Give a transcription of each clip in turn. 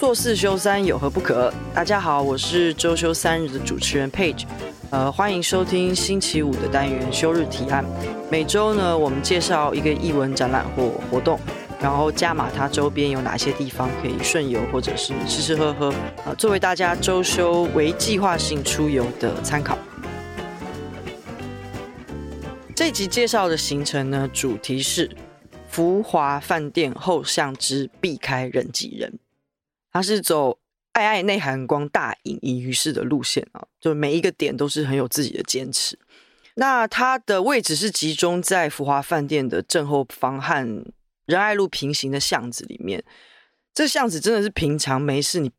做四休三有何不可？大家好，我是週休三日的主持人 Page，呃，歡迎收聽星期五的單元休日提案。每週呢，我們介紹一個藝文展覽或活動，然後加碼它週邊有哪些地方可以順遊或者是吃吃喝喝，啊、呃，作為大家週休微計劃性出遊的參考。這集介紹的行程呢，主題是福華飯店後巷之避開人擠人。他是走曖曖內含光，大隱隱於市的路線啊，就每一個點都是很有自己的堅持。那它的位置是集中在福華飯店的正後方，和仁愛路平行的巷子裡面。這巷子真的是平常沒事你、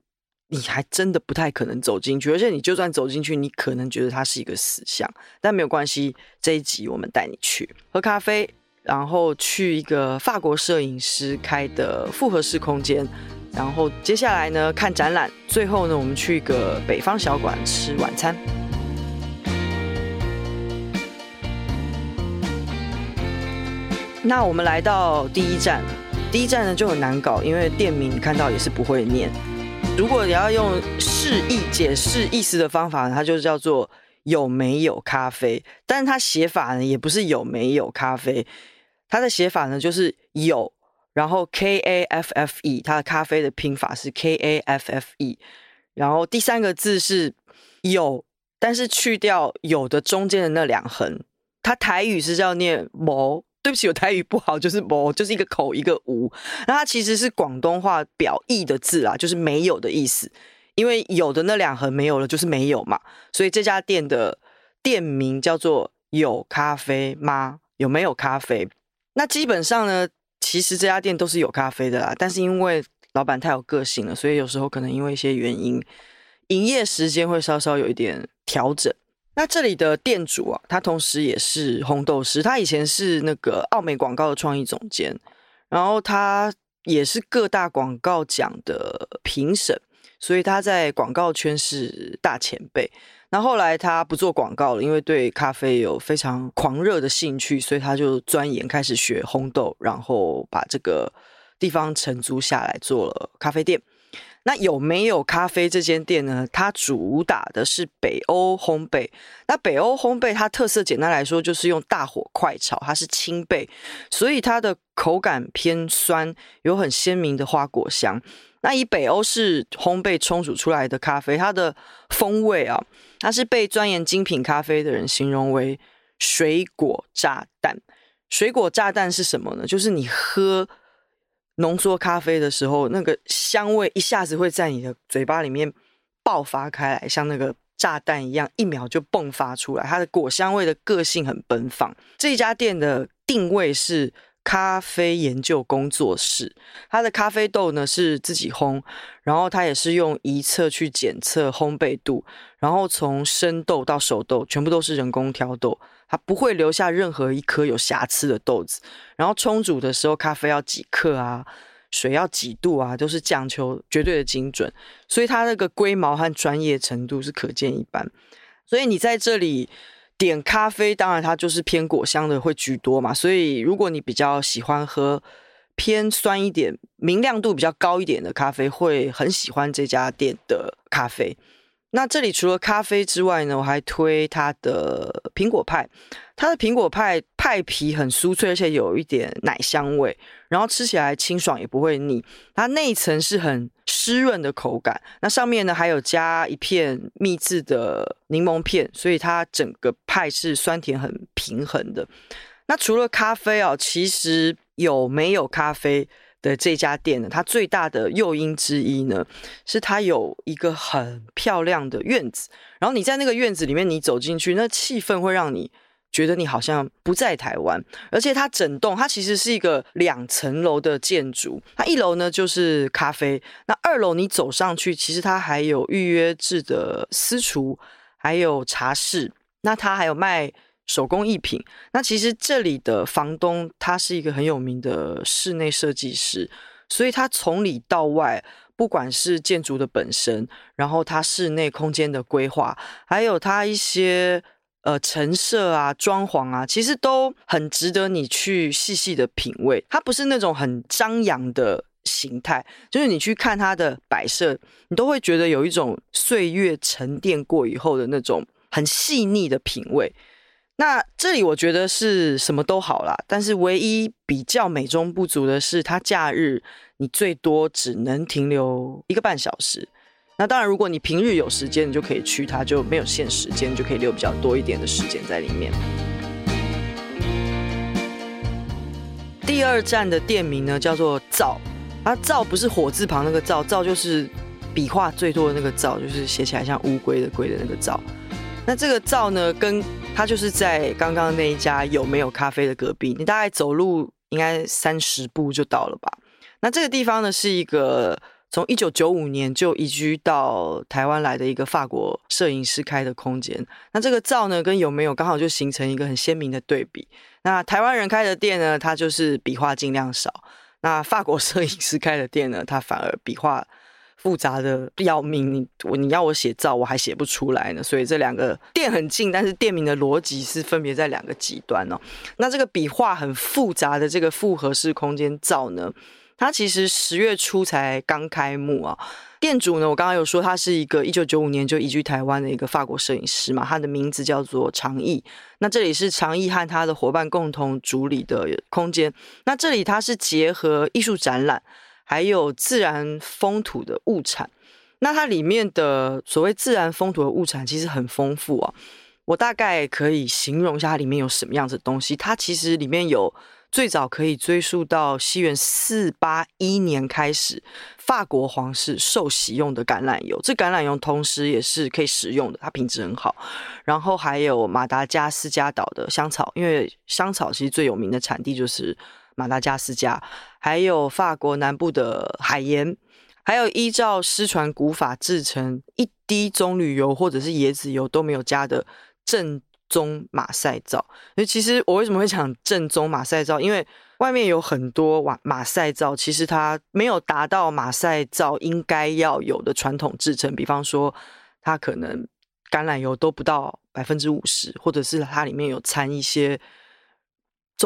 你還真的不太可能走進去，而且你就算走進去，你可能覺得它是一個死巷，但沒有關係，這一集我們帶你去喝咖啡，然後去一個法國攝影師開的複合式空間，然後接下來呢看展覽，最後呢我們去一個北方小館吃晚餐。那我們來到第一站，第一站呢就很難搞，因為店名你看到也是不會念。如果你要用示意解釋意思的方法，它就叫做。有沒有咖啡？但是它寫法呢，也不是有沒有咖啡，他的寫法呢就是有，然後 K A F F E，他的咖啡的拼法是 K A F F E，然後第三個字是有，但是去掉有的中間的那兩橫，他台語是叫念冇，對不起，有台語不好，就是冇，就是一個口一個無，那它其實是廣東話表意的字啊，就是沒有的意思。因為有的那兩盒沒有了，就是沒有嘛。所以這家店的店名叫做“有咖啡嗎？有沒有咖啡？”那基本上呢，其實這家店都是有咖啡的啦。但是因為老闆太有個性了，所以有時候可能因為一些原因，營業時間會稍稍有一點調整。那這裡的店主啊，他同時也是烘豆師，他以前是那個奧美廣告的創意總監，然後他也是各大廣告獎的評審。所以他在廣告圈是大前輩，那後，後來他不做廣告了，因為對咖啡有非常狂熱的興趣，所以他就鑽研，開始學烘豆，然後把這個地方承租下來，做了咖啡店。那有沒有咖啡這間店呢？它主打的是北歐烘焙。那北歐烘焙它特色，簡單來說就是用大火快炒，它是淺焙，所以它的口感偏酸，有很鮮明的花果香。那以北歐式烘焙沖煮出來的咖啡，它的風味啊，它是被鑽研精品咖啡的人形容為水果炸彈。水果炸彈是什麼呢？就是你喝。濃縮咖啡的時候，那個香味一下子會在你的嘴巴裡面爆發開來，像那個炸彈一樣，一秒就迸發出來。它的果香味的個性很奔放。這一家店的定位是咖啡研究工作室，它的咖啡豆呢是自己烘，然後它也是用儀器去檢測烘焙度，然後從生豆到熟豆全部都是人工挑豆。它不會留下任何一顆有瑕疵的豆子，然後沖煮的時候，咖啡要幾克啊，水要幾度啊，都是講求絕對的精準，所以它那個龜毛和專業程度是可見一斑。所以你在這裡點咖啡，當然它就是偏果香的會居多嘛。所以如果你比較喜歡喝偏酸一點、明亮度比較高一點的咖啡，會很喜歡這家店的咖啡。那這裡除了咖啡之外呢，我還推它的蘋果派。它的蘋果派派皮很酥脆，而且有一點奶香味，然後吃起來清爽也不會膩。它內層是很濕潤的口感，那上面呢還有加一片秘製的檸檬片，所以它整個派是酸甜很平衡的。那除了咖啡哦，其實有沒有咖啡？的這家店呢，它最大的誘因之一呢，是它有一個很漂亮的院子。然後你在那個院子裡面，你走進去，那氣氛會讓你覺得你好像不在台灣。而且它整棟它其實是一個兩層樓的建築，它一樓呢就是咖啡，那二樓你走上去，其實它還有預約制的私廚，還有茶室。那它還有賣，手工藝品。那其實這裡的房東他是一個很有名的室內設計師，所以他從裡到外，不管是建築的本身，然後他室內空間的規劃，還有他一些呃陳設啊、裝潢啊，其實都很值得你去細細的品味。它不是那種很張揚的形態，就是你去看它的擺設，你都會覺得有一種歲月沉澱過以後的那種很細膩的品味。那這裡我覺得是什麼都好啦，但是唯一比較美中不足的是，它假日你最多只能停留一個半小時。那當然，如果你平日有時間，你就可以去它，就沒有限時間，就可以留比較多一點的時間在裡面。第二站的店名呢，叫做灶。啊，“灶”，它“灶”不是火字旁那個“灶”，“灶”就是筆畫最多的那個“灶”，就是寫起來像烏龜的龜的那個“灶”。那這個灶呢，跟它就是在剛剛那一家有沒有咖啡的隔壁，你大概走路應該三十步就到了吧。那這個地方呢，是一個從一九九五年就移居到台灣來的一個法國攝影師開的空間。那這個灶呢，跟有沒有剛好就形成一個很鮮明的對比。那台灣人開的店呢，它就是筆畫盡量少；那法國攝影師開的店呢，它反而筆畫。複雜的要命，你你要我寫竈我還寫不出來呢，所以這兩個店很近，但是店名的邏輯是分別在兩個極端哦。那這個筆畫很複雜的這個複合式空間竈呢，它其實十月初才剛開幕啊、哦。店主呢，我剛剛有說他是一個一九九五年就移居台灣的一個法國攝影師嘛，他的名字叫做長毅。那這裡是長毅和他的夥伴共同主理的空間，那這裡它是結合藝術展覽。還有自然風土的物產，那它裡面的所謂自然風土的物產其實很豐富啊。我大概可以形容一下它裡面有什麼樣子的東西。它其實裡面有最早可以追溯到西元四八一年開始，法國皇室受洗用的橄欖油，這橄欖油同時也是可以食用的，它品質很好。然後還有馬達加斯加島的香草，因為香草其實最有名的產地就是。馬達加斯加，還有法國南部的海鹽，還有依照失傳古法製成一滴棕櫚油或者是椰子油都沒有加的正宗馬賽皂。其實我為什麼會講正宗馬賽皂？因為外面有很多馬馬賽皂，其實它沒有達到馬賽皂應該要有的傳統製成，比方說它可能橄欖油都不到百分之五十，或者是它裡面有摻一些。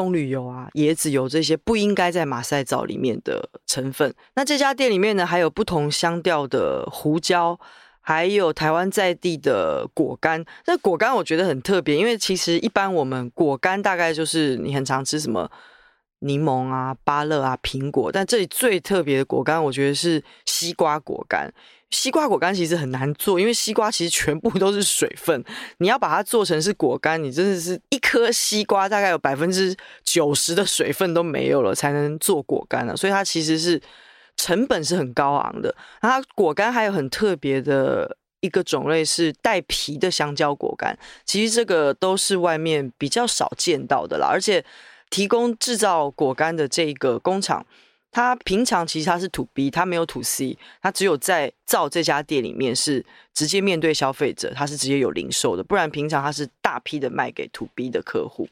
棕櫚油啊，椰子油這些不應該在馬賽皂裡面的成分。那這家店裡面呢，還有不同香調的胡椒，還有台灣在地的果乾。那果乾我覺得很特別，因為其實一般我們果乾大概就是你很常吃什麼檸檬啊、芭樂啊、蘋果，但這裡最特別的果乾，我覺得是西瓜果乾。西瓜果乾其實很難做，因為西瓜其實全部都是水分，你要把它做成是果乾，你真的是一顆西瓜大概有百分之九十的水分都沒有了才能做果乾了啊，所以它其實是成本是很高昂的。那它果乾還有很特別的一個種類是帶皮的香蕉果乾，其實這個都是外面比較少見到的啦。而且提供制造果乾的這個工廠。他平常其實他是 To B，他沒有 To C，他只有在竈這家店裡面是直接面對消費者，他是直接有零售的，不然平常他是大批的賣給 To B 的客戶。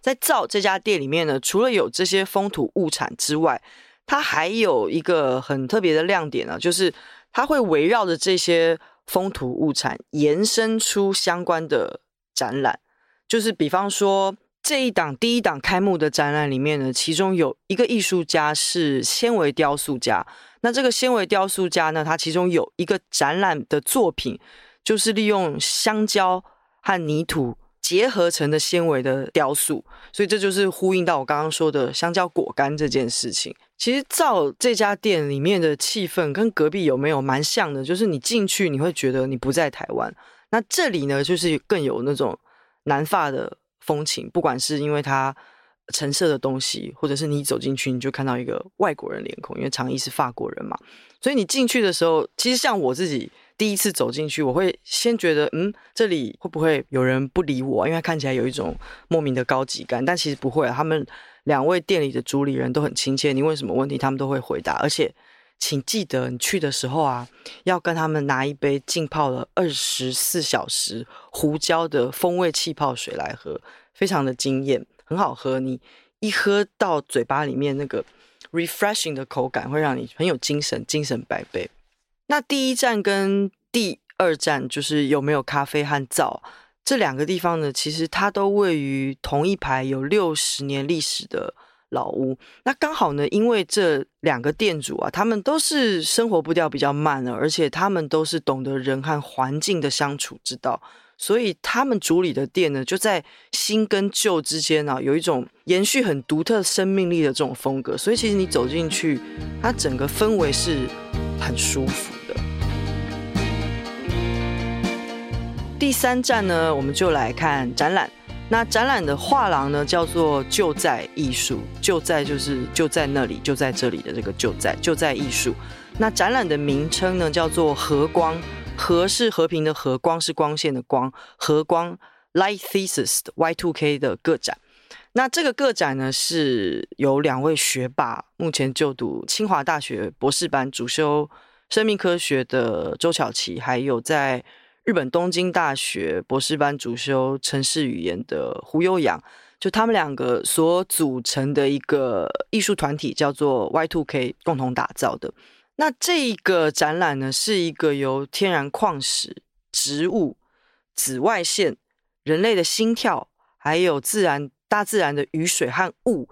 在竈這家店裡面呢，除了有這些風土物產之外，它還有一個很特別的亮點呢、啊，就是它會圍繞着這些風土物產延伸出相關的展覽，就是比方說。這一檔第一檔開幕的展覽裡面呢，其中有一個藝術家是纖維雕塑家。那這個纖維雕塑家呢，他其中有一個展覽的作品，就是利用香蕉和泥土結合成的纖維的雕塑。所以這就是呼應到我剛剛說的香蕉果乾這件事情。其實照這家店裡面的氣氛跟隔壁有沒有蠻像的，就是你進去你會覺得你不在台灣。那這裡呢，就是更有那種南法的風情，不管是因為它陳設的東西，或者是你走進去你就看到一個外國人臉孔，因為常義是法國人嘛，所以你進去的時候，其實像我自己第一次走進去，我會先覺得，嗯，這裡會不會有人不理我？啊。因為看起來有一種莫名的高級感，但其實不會。啊，他們兩位店裡的主理人都很親切，你問什麼問題，他們都會回答，而且。請記得，你去的時候啊，要跟他們拿一杯浸泡了二十四小時胡椒的風味氣泡水來喝，非常的驚豔，很好喝。你一喝到嘴巴裡面那個 refreshing 的口感，會讓你很有精神，精神百倍。那第一站跟第二站就是有沒有咖啡和竈這兩個地方呢？其實它都位於同一排有六十年歷史的。老屋，那剛好呢，因為這兩個店主啊，他們都是生活步調比較慢的，而且他們都是懂得人和環境的相處之道，所以他們主理的店呢，就在新跟舊之間啊，有一種延續很獨特生命力的這種風格，所以其實你走進去，它整個氛圍是很舒服的。第三站呢，我們就來看展覽。那展覽的畫廊呢，叫做就在藝術，就在就是就在那裡，就在這裡的這個就在就在藝術。那展覽的名稱呢，叫做和光，和是和平的和，光是光線的光，和光 Lighthesis Y2K 的個展。那這個個展呢，是由兩位學霸，目前就讀清華大學博士班，主修生命科學的周巧其，還有在。日本東京大學博士班主修城市語言的胡悠揚，就他們兩個所組成的一個藝術團體叫做 Y2K 共同打造的。那這個展覽呢，是一個由天然礦石、植物、紫外線、人類的心跳，還有自然、大自然的雨水和霧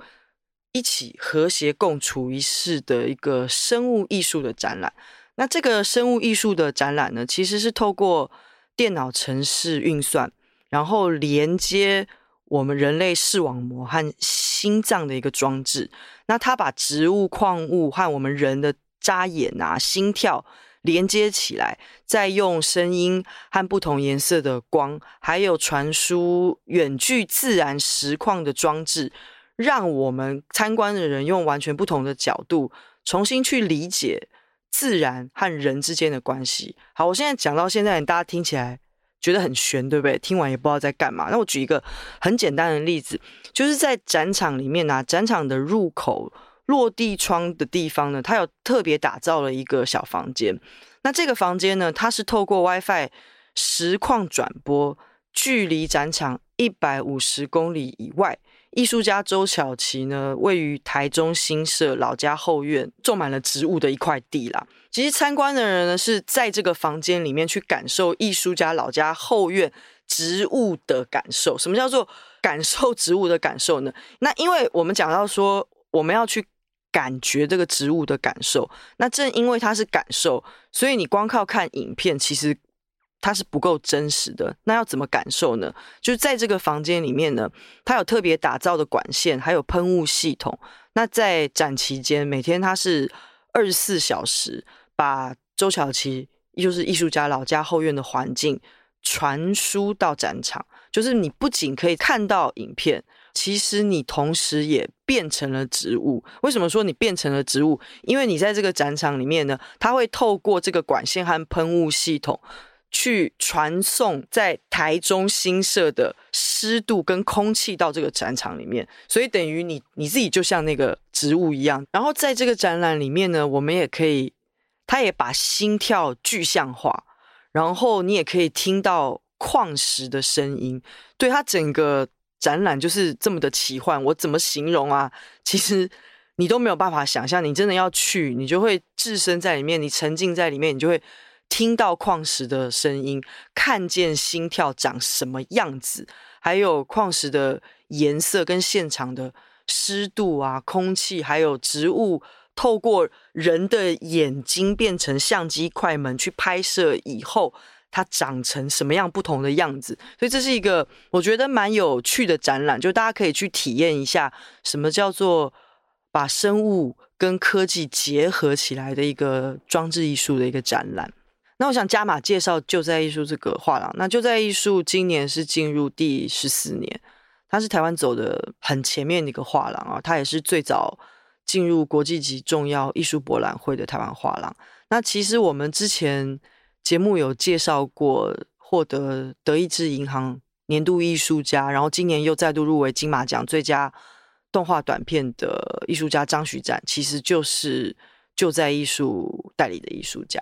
一起和諧共處一室的一個生物藝術的展覽。那這個生物藝術的展覽呢，其實是透過電腦程式運算，然後連接我們人類視網膜和心臟的一個裝置。那它把植物、礦物和我們人的眨眼啊、心跳連接起來，再用聲音和不同顏色的光，還有傳輸遠距自然實況的裝置，讓我們參觀的人用完全不同的角度重新去理解。自然和人之間的關係。好，我現在講到現在，大家聽起來覺得很玄，對不對？聽完也不知道在幹嘛。那我舉一個很簡單的例子，就是在展場裡面啊，展場的入口，落地窗的地方呢，它有特別打造了一個小房間。那這個房間呢，它是透過 WiFi 實況轉播，距離展場一百五十公里以外。藝術家周巧其呢，位於台中新社老家後院，種滿了植物的一塊地啦。其實參觀的人呢，是在這個房間裡面去感受藝術家老家後院植物的感受。什麼叫做感受植物的感受呢？那因為我們講到說，我們要去感覺這個植物的感受。那正因為它是感受，所以你光靠看影片，其實。它是不夠真實的，那要怎麼感受呢？就是在這個房間裡面呢，它有特別打造的管線，還有噴霧系統。那在展期間，每天它是二十四小時把周巧其，就是藝術家老家後院的環境傳輸到展場。就是你不僅可以看到影片，其實你同時也變成了植物。為什麼說你變成了植物？因為你在這個展場裡面呢，它會透過這個管線和噴霧系統。去傳送在台中新社的濕度跟空氣到這個展場裡面，所以等於你你自己就像那個植物一樣。然後在這個展覽裡面呢，我們也可以，他也把心跳具象化，然後你也可以聽到礦石的聲音。對，它整個展覽就是這麼的奇幻，我怎麼形容啊？其實你都沒有辦法想象，你真的要去，你就會置身在裡面，你沉浸在裡面，你就會。聽到礦石的聲音，看見心跳長什麼樣子，還有礦石的顏色跟現場的濕度啊、空氣，還有植物，透過人的眼睛變成相機快門去拍攝以後，它長成什麼樣不同的樣子。所以這是一個我覺得蠻有趣的展覽，就大家可以去體驗一下什麼叫做把生物跟科技結合起來的一個裝置藝術的一個展覽。那我想加碼介紹就在藝術這個畫廊。那就在藝術今年是進入第十四年，它是台灣走的很前面的一個畫廊啊，它也是最早進入國際級重要藝術博覽會的台灣畫廊。那其實我們之前節目有介紹過，獲得德意志銀行年度藝術家，然後今年又再度入圍金馬獎最佳動畫短片的藝術家張徐展，其實就是就在藝術代理的藝術家。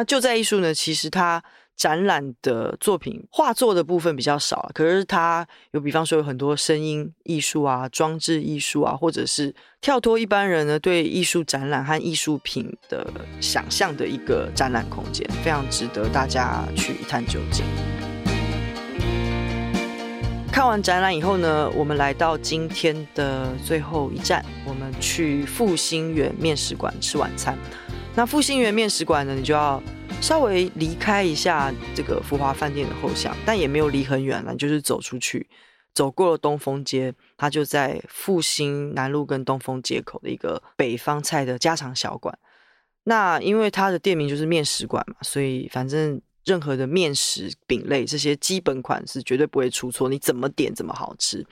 那就在藝術呢？其實它展覽的作品畫作的部分比較少，可是它有，比方說有很多聲音藝術啊、裝置藝術啊，或者是跳脫一般人呢對藝術展覽和藝術品的想象的一個展覽空間，非常值得大家去一探究竟。看完展覽以後呢，我們來到今天的最後一站，我們去富馨園麵食館吃晚餐。那富馨園麵食館呢？你就要稍微離開一下這個福華飯店的後巷，但也沒有離很遠了，就是走出去，走過了東豐街，它就在復興南路跟東豐街口的一個北方菜的家常小館。那因為它的店名就是麵食館嘛，所以反正任何的麵食餅、餅類這些基本款式絕對不會出錯，你怎麼點怎麼好吃。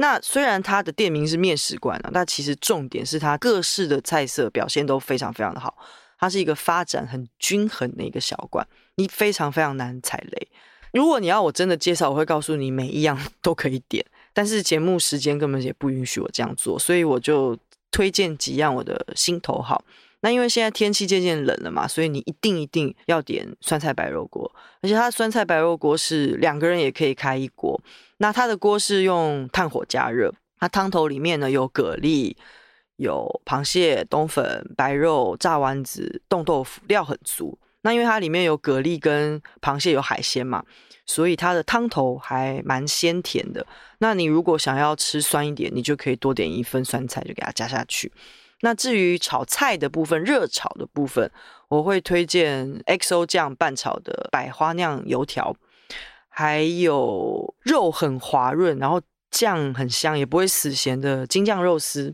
那雖然它的店名是麵食館啊，但其實重點是它各式的菜色表現都非常非常的好。它是一個發展很均衡的一個小館，你非常非常難踩雷。如果你要我真的介紹，我會告訴你每一樣都可以點，但是節目時間根本也不允許我這樣做，所以我就推薦幾樣我的心頭好。那因為現在天氣漸漸冷了嘛，所以你一定一定要點酸菜白肉鍋，而且它的酸菜白肉鍋是兩個人也可以開一鍋。那它的鍋是用炭火加熱，它湯頭裡面呢有蛤蜊、有螃蟹、冬粉、白肉、炸丸子、凍豆腐，料很足。那因為它裡面有蛤蜊跟螃蟹有海鮮嘛，所以它的湯頭還蠻鮮甜的。那你如果想要吃酸一點，你就可以多點一份酸菜，就給它加下去。那至於炒菜的部分，熱炒的部分，我會推薦 XO 醬拌炒的百花釀油條，還有肉很滑潤，然後醬很香，也不會死鹹的京醬肉絲，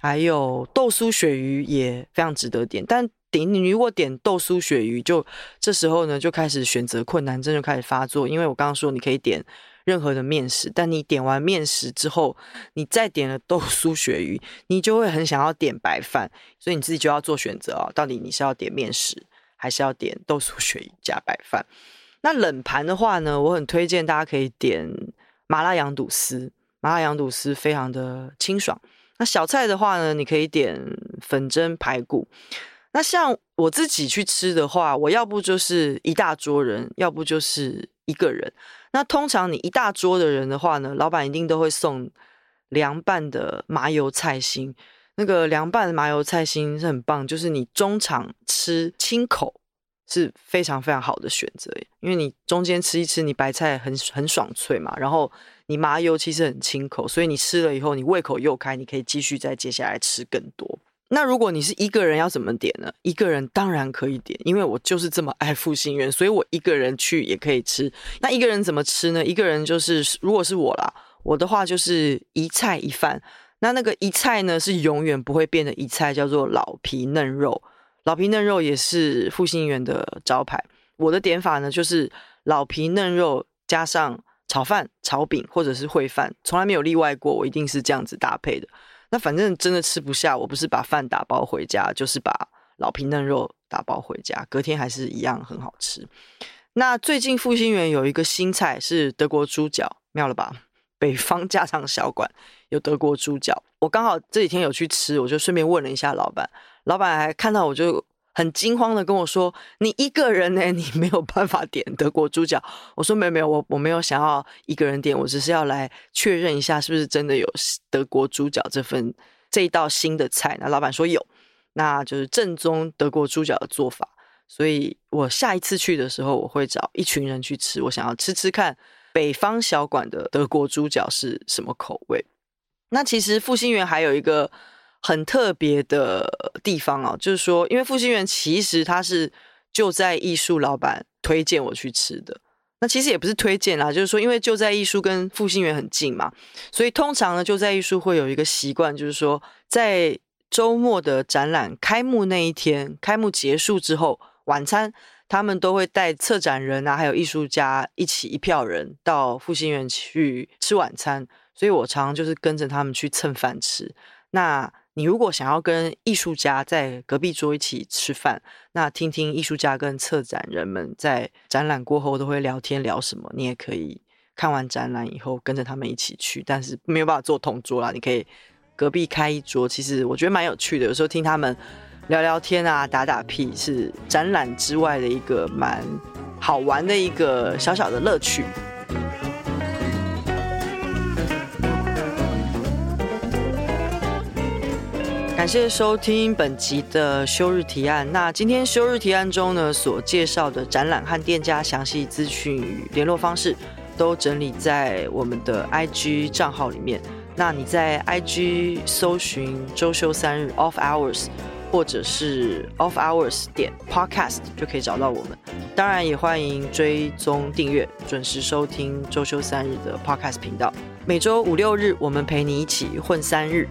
還有豆酥鱈魚也非常值得點。但點你如果點豆酥鱈魚，就這時候呢就開始選擇困難症就開始發作，因為我剛剛說你可以點。任何的麵食，但你點完麵食之後，你再點了豆酥鱈魚，你就會很想要點白飯，所以你自己就要做選擇啊、哦，到底你是要點麵食，還是要點豆酥鱈魚加白飯？那冷盤的話呢，我很推薦大家可以點麻辣羊肚絲，麻辣羊肚絲非常的清爽。那小菜的話呢，你可以點粉蒸排骨。那像我自己去吃的話，我要不就是一大桌人，要不就是。一個人。那通常你一大桌的人的話呢，老闆一定都會送涼拌的麻油菜心。那個涼拌的麻油菜心是很棒，就是你中場吃清口是非常非常好的選擇耶，因為你中間吃一吃，你白菜很很爽脆嘛，然後你麻油其實很清口，所以你吃了以後，你胃口又開，你可以繼續再接下來吃更多。那如果你是一個人要怎麼點呢？一個人當然可以點，因為我就是這麼愛富馨園，所以我一個人去也可以吃。那一個人怎麼吃呢？一個人就是如果是我啦，我的話就是一菜一飯。那那個一菜呢是永遠不會變的一菜，叫做老皮嫩肉。老皮嫩肉也是富馨園的招牌。我的點法呢就是老皮嫩肉加上炒飯、炒餅或者是燴飯，從來沒有例外過，我一定是這樣子搭配的。那反正真的吃不下，我不是把飯打包回家，就是把老皮嫩肉打包回家，隔天還是一樣很好吃。那最近富馨園有一個新菜是德國豬腳，妙了吧？北方家常小館有德國豬腳，我剛好這幾天有去吃，我就順便問了一下老闆，老闆還看到我就。很驚慌的跟我說：“你一個人呢？你沒有辦法點德國豬腳。”我說：“沒有，沒有，我我沒有想要一個人點，我只是要來確認一下是不是真的有德國豬腳這份這道新的菜。”那老板說有，那就是正宗德國豬腳的做法。所以我下一次去的時候，我會找一群人去吃，我想要吃吃看北方小館的德國豬腳是什麼口味。那其實富馨園還有一個。很特別的地方哦，就是說，因為富馨園其實它是就在藝術老板推薦我去吃的，那其實也不是推薦啦，就是說，因為就在藝術跟富馨園很近嘛，所以通常呢，就在藝術會有一個習慣，就是說，在周末的展覽開幕那一天，開幕結束之後晚餐，他們都會帶策展人啊，還有藝術家一起一票人到富馨園去吃晚餐，所以我常常就是跟着他們去蹭飯吃，那，你如果想要跟藝術家在隔壁桌一起吃飯，那聽聽藝術家跟策展人們在展覽過後都會聊天聊什麼，你也可以看完展覽以後跟着他們一起去，但是沒有辦法坐同桌啦。你可以隔壁開一桌，其實我覺得蠻有趣的。有時候聽他們聊聊天啊，打打屁，是展覽之外的一個蠻好玩的一個小小的樂趣。感謝收聽本集的休日提案。那今天休日提案中呢，所介紹的展覽和店家詳細資訊與聯絡方式，都整理在我們的 IG 賬號裡面。那你在 IG 搜尋“週休三日”、“Off Hours” 或者是 “Off Hours” 點 “Podcast” 就可以找到我們。當然，也歡迎追蹤訂閱，準時收聽“週休三日”的 Podcast 頻道。每週五六日，我們陪你一起混三日。